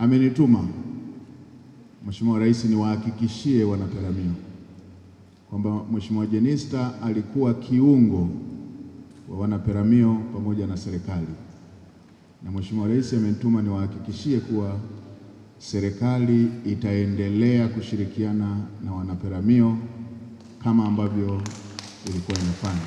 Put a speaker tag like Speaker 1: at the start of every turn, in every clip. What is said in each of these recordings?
Speaker 1: amenituma Mheshimiwa Rais niwahakikishie wanaperamio kwamba Mheshimiwa Jenista alikuwa kiungo wa wanaperamio pamoja na serikali, na Mheshimiwa Rais amenituma niwahakikishie kuwa serikali itaendelea kushirikiana na wanaperamio kama ambavyo ilikuwa inafanya.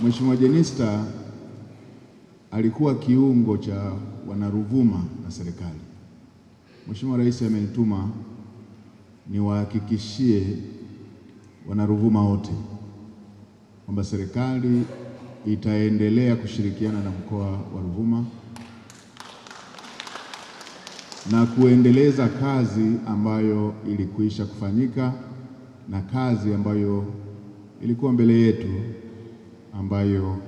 Speaker 1: Mheshimiwa Jenista alikuwa kiungo cha wanaruvuma na serikali. Mheshimiwa Rais amenituma niwahakikishie wanaruvuma wote kwamba serikali itaendelea kushirikiana na mkoa wa Ruvuma na kuendeleza kazi ambayo ilikuisha kufanyika na kazi ambayo ilikuwa mbele yetu ambayo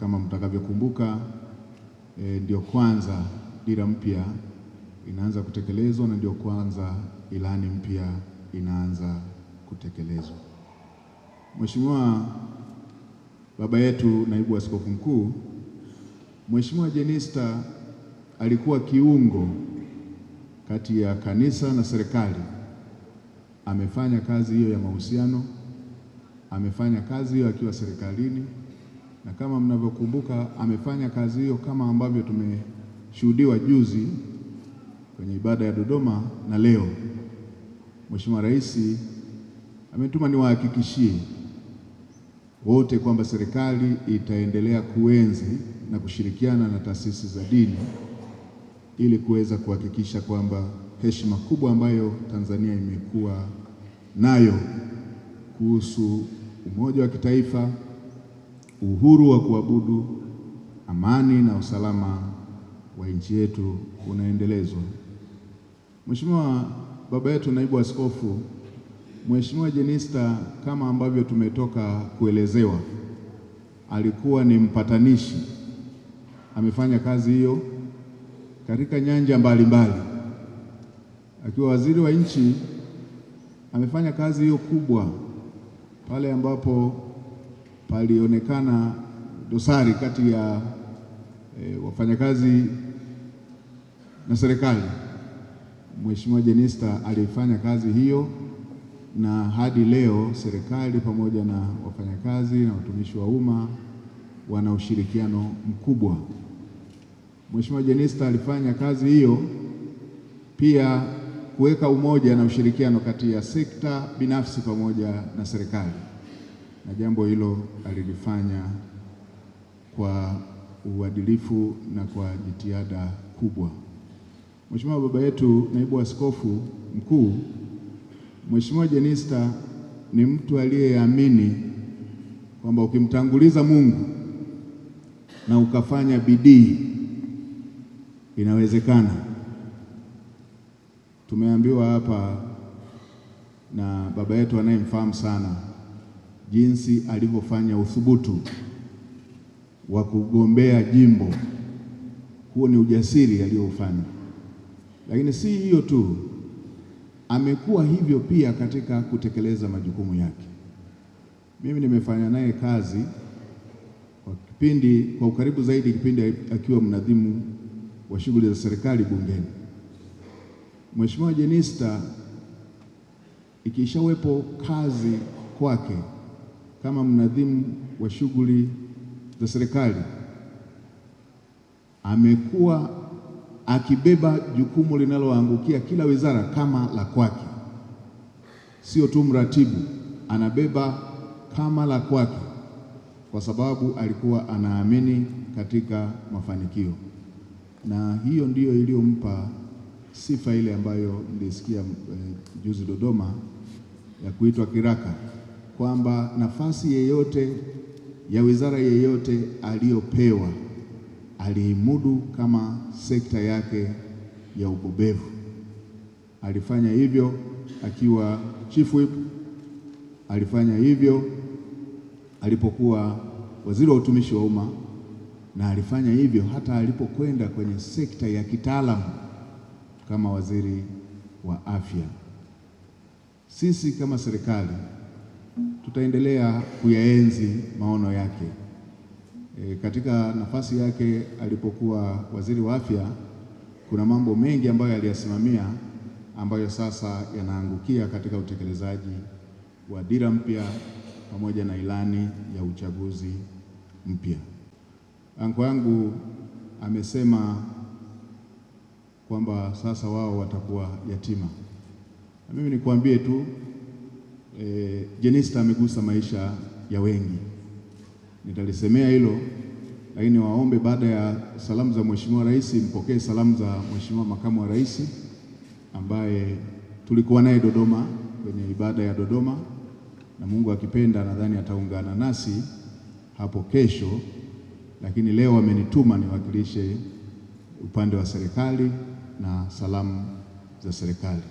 Speaker 1: kama mtakavyokumbuka e, ndio kwanza dira mpya inaanza kutekelezwa na ndio kwanza ilani mpya inaanza kutekelezwa. Mheshimiwa baba yetu naibu askofu mkuu, Mheshimiwa Jenista alikuwa kiungo kati ya kanisa na serikali. Amefanya kazi hiyo ya mahusiano, amefanya kazi hiyo akiwa serikalini na kama mnavyokumbuka amefanya kazi hiyo kama ambavyo tumeshuhudiwa juzi kwenye ibada ya Dodoma na leo. Mheshimiwa Rais ametuma niwahakikishie wote kwamba serikali itaendelea kuenzi na kushirikiana na taasisi za dini ili kuweza kuhakikisha kwamba heshima kubwa ambayo Tanzania imekuwa nayo kuhusu umoja wa kitaifa uhuru wa kuabudu, amani na usalama wa nchi yetu unaendelezwa. Mheshimiwa baba yetu naibu askofu, Mheshimiwa Jenista, kama ambavyo tumetoka kuelezewa, alikuwa ni mpatanishi, amefanya kazi hiyo katika nyanja mbalimbali mbali. Akiwa waziri wa nchi amefanya kazi hiyo kubwa pale ambapo palionekana dosari kati ya e, wafanyakazi na serikali. Mheshimiwa Jenista alifanya kazi hiyo na hadi leo serikali pamoja na wafanyakazi na watumishi wa umma wana ushirikiano mkubwa. Mheshimiwa Jenista alifanya kazi hiyo pia kuweka umoja na ushirikiano kati ya sekta binafsi pamoja na serikali na jambo hilo alilifanya kwa uadilifu na kwa jitihada kubwa. Mheshimiwa baba yetu naibu askofu mkuu, Mheshimiwa Jenista ni mtu aliyeamini kwamba ukimtanguliza Mungu na ukafanya bidii inawezekana. Tumeambiwa hapa na baba yetu anayemfahamu sana jinsi alivyofanya uthubutu wa kugombea jimbo. Huo ni ujasiri aliyofanya, lakini si hiyo tu, amekuwa hivyo pia katika kutekeleza majukumu yake. Mimi nimefanya naye kazi kwa kipindi kwa ukaribu zaidi kipindi akiwa mnadhimu wa shughuli za serikali bungeni. Mheshimiwa Jenista, ikishawepo kazi kwake kama mnadhimu wa shughuli za serikali amekuwa akibeba jukumu linaloangukia kila wizara kama la kwake, sio tu mratibu anabeba kama la kwake, kwa sababu alikuwa anaamini katika mafanikio, na hiyo ndiyo iliyompa sifa ile ambayo nilisikia eh, juzi Dodoma ya kuitwa kiraka kwamba nafasi yeyote ya wizara yeyote aliyopewa aliimudu kama sekta yake ya ubobevu. Alifanya hivyo akiwa chief whip, alifanya hivyo alipokuwa waziri wa utumishi wa umma, na alifanya hivyo hata alipokwenda kwenye sekta ya kitaalamu kama waziri wa afya. Sisi kama serikali tutaendelea kuyaenzi maono yake. E, katika nafasi yake alipokuwa waziri wa afya, kuna mambo mengi ambayo aliyasimamia ambayo sasa yanaangukia katika utekelezaji wa dira mpya pamoja na ilani ya uchaguzi mpya. Anko yangu amesema kwamba sasa wao watakuwa yatima, na mimi nikwambie tu e, Jenista amegusa maisha ya wengi, nitalisemea hilo lakini waombe baada ya salamu za Mheshimiwa Rais mpokee salamu za Mheshimiwa Makamu wa Rais ambaye tulikuwa naye Dodoma kwenye ibada ya Dodoma, na Mungu akipenda nadhani ataungana nasi hapo kesho, lakini leo amenituma niwakilishe upande wa serikali na salamu za serikali.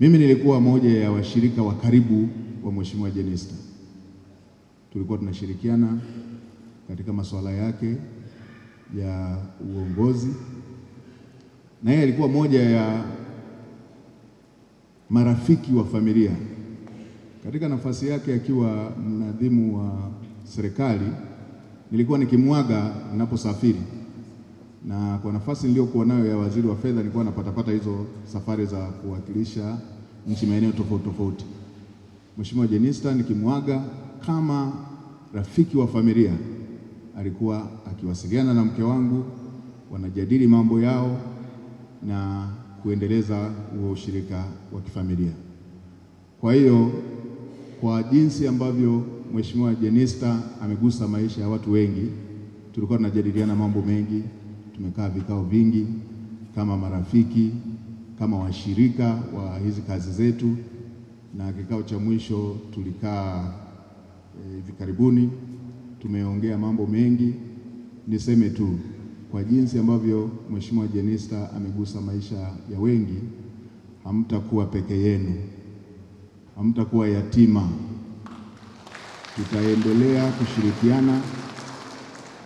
Speaker 1: Mimi nilikuwa moja ya washirika wa karibu wa Mheshimiwa Jenista, tulikuwa tunashirikiana katika masuala yake ya uongozi, na yeye alikuwa moja ya marafiki wa familia. Katika nafasi yake akiwa ya mnadhimu wa serikali, nilikuwa nikimwaga ninaposafiri na kwa nafasi niliyokuwa nayo ya waziri wa fedha nilikuwa napatapata hizo safari za kuwakilisha nchi maeneo tofauti tofauti. Mheshimiwa Jenista nikimwaga kama rafiki wa familia, alikuwa akiwasiliana na mke wangu, wanajadili mambo yao na kuendeleza huo ushirika wa kifamilia. Kwa hiyo kwa jinsi ambavyo Mheshimiwa Jenista amegusa maisha ya watu wengi, tulikuwa tunajadiliana mambo mengi tumekaa vikao vingi kama marafiki, kama washirika wa hizi kazi zetu, na kikao cha mwisho tulikaa eh, hivi e, karibuni. Tumeongea mambo mengi. Niseme tu kwa jinsi ambavyo Mheshimiwa Jenista amegusa maisha ya wengi, hamtakuwa peke yenu, hamtakuwa yatima, tutaendelea kushirikiana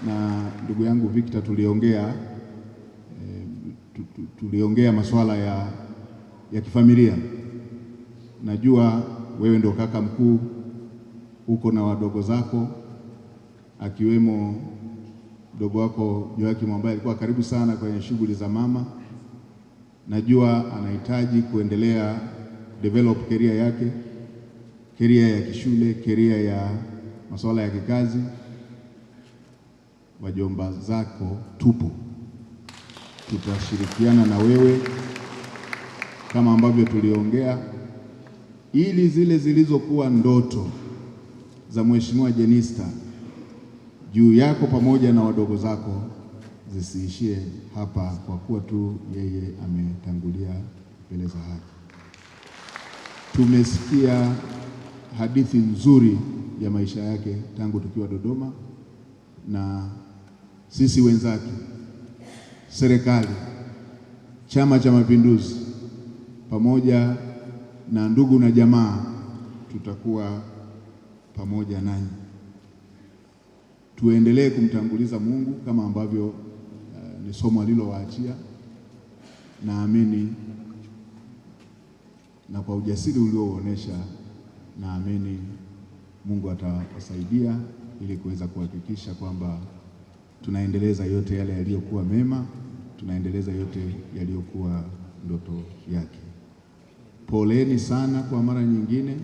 Speaker 1: na ndugu yangu Victor tuliongea e, tuliongea masuala ya, ya kifamilia. Najua wewe ndio kaka mkuu, uko na wadogo zako akiwemo mdogo wako Joakim ambaye alikuwa karibu sana kwenye shughuli za mama. Najua anahitaji kuendelea develop career yake, career ya kishule, career ya masuala ya kikazi wajomba zako tupo, tutashirikiana na wewe kama ambavyo tuliongea, ili zile zilizokuwa ndoto za Mheshimiwa Jenista juu yako pamoja na wadogo zako zisiishie hapa, kwa kuwa tu yeye ametangulia mbele za haki. Tumesikia hadithi nzuri ya maisha yake tangu tukiwa Dodoma na sisi wenzake, serikali, Chama cha Mapinduzi pamoja na ndugu na jamaa, tutakuwa pamoja nanyi. Tuendelee kumtanguliza Mungu kama ambavyo uh, ni somo alilowaachia. Naamini na kwa ujasiri ulioonesha, naamini Mungu atawasaidia ili kuweza kuhakikisha kwamba tunaendeleza yote yale yaliyokuwa mema, tunaendeleza yote yaliyokuwa ndoto yake. Poleni sana kwa mara nyingine,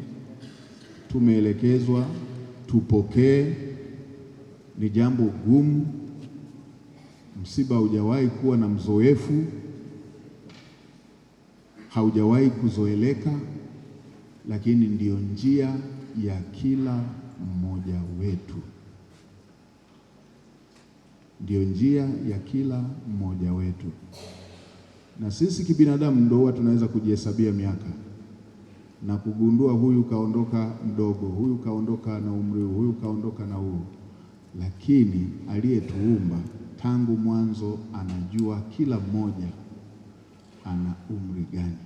Speaker 1: tumeelekezwa tupokee. Ni jambo gumu, msiba haujawahi kuwa na mzoefu, haujawahi kuzoeleka, lakini ndiyo njia ya kila mmoja wetu ndio njia ya kila mmoja wetu, na sisi kibinadamu ndio huwa tunaweza kujihesabia miaka na kugundua huyu kaondoka mdogo, huyu kaondoka na umri huu, huyu kaondoka na huu, lakini aliyetuumba tangu mwanzo anajua kila mmoja ana umri gani.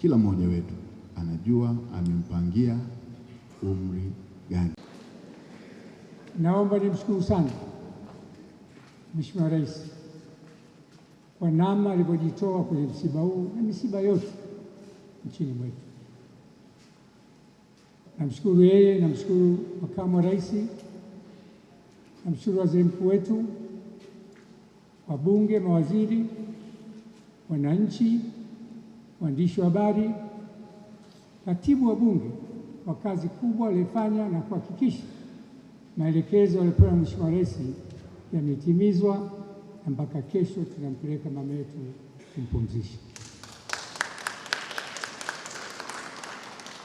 Speaker 1: Kila mmoja wetu anajua amempangia umri gani.
Speaker 2: Naomba nimshukuru sana Mheshimiwa Rais kwa namna alivyojitoa kwenye msiba huu na misiba yote nchini mwetu. Namshukuru yeye, namshukuru makamu wa rais, namshukuru waziri mkuu wetu, wabunge, mawaziri, wananchi, waandishi wa habari, katibu wa bunge kwa kazi kubwa aliyofanya na kuhakikisha maelekezo yaliyopewa na Mheshimiwa Rais yametimizwa na mpaka kesho tunampeleka mama yetu kumpumzisha.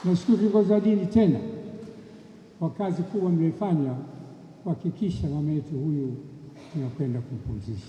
Speaker 2: Nashukuru viongozi wa dini tena kwa kazi kubwa mliyoifanya kuhakikisha mama yetu huyu tunakwenda kumpumzisha.